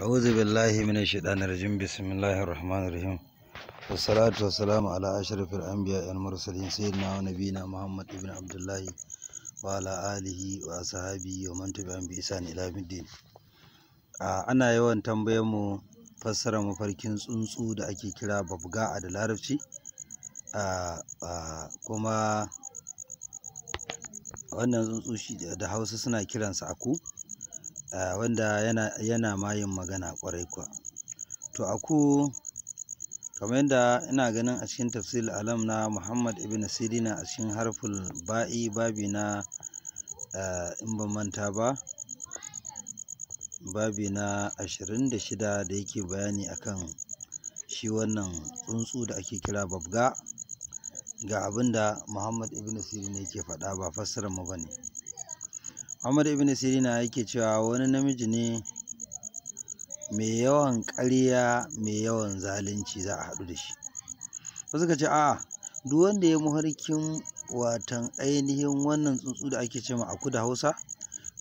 أعوذ بالله من الشيطان الرجيم بسم الله الرحمن الرحيم والصلاة والسلام على أشرف الأنبياء والمرسلين سيدنا ونبينا محمد بن عبد الله وعلى آله وأصحابه ومن تبعهم بإحسان إلى يوم الدين أنا يوان تنبيمو fassara mafarkin tsuntsu da كلا ببقاء babga'a da larabci kuma wannan tsuntsu da hausa suna kiransa aku Eh, wanda yana, yana ma yin magana ƙwarai kuwa. To aku kamar yadda ina ganin a cikin tafsir alam na Muhammad ibn Sirina a cikin harful ba'i babi na eh, in ban manta ba babi na 26 da yake bayani akan shi wannan tsuntsu da ake kira babga ga abinda Muhammad ibn Sirina yake faɗa ba fassarar mu ne. Muhammad ibn Sirina yake cewa wani namiji ne mai yawan ƙarya mai yawan zalunci za a haɗu da shi wasu ka ce a duk wanda ya muharkin watan ainihin wannan tsuntsu da ake ce a da hausa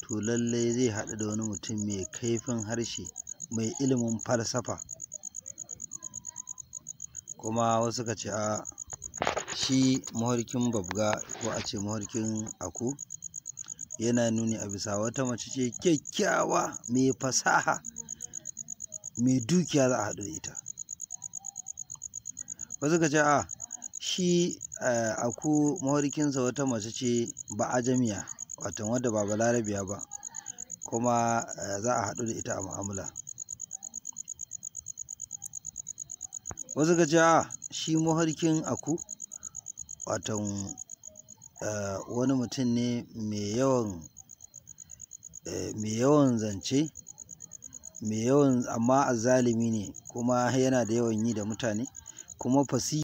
to lallai zai haɗu da wani mutum mai kaifin harshe mai ilimin falsafa kuma wasu ka ce a shi muharkin babga ko a ce muharkin aku yana nuni a bisa wata mace ce kyakkyawa mai fasaha mai dukiya za a haɗu da ita wasu ka ce a shi eh, aku mawarkinsa wata mace ce ba a jami'a watan wadda ba balarabiya ba kuma eh, za a haɗu da ita a mu'amala wasu ka ce a shi mahorikin aku watan Eh, wani mutum ne mai yawan eh, zance amma azzalumi ne kuma yana da yawan yi da mutane kuma fasi.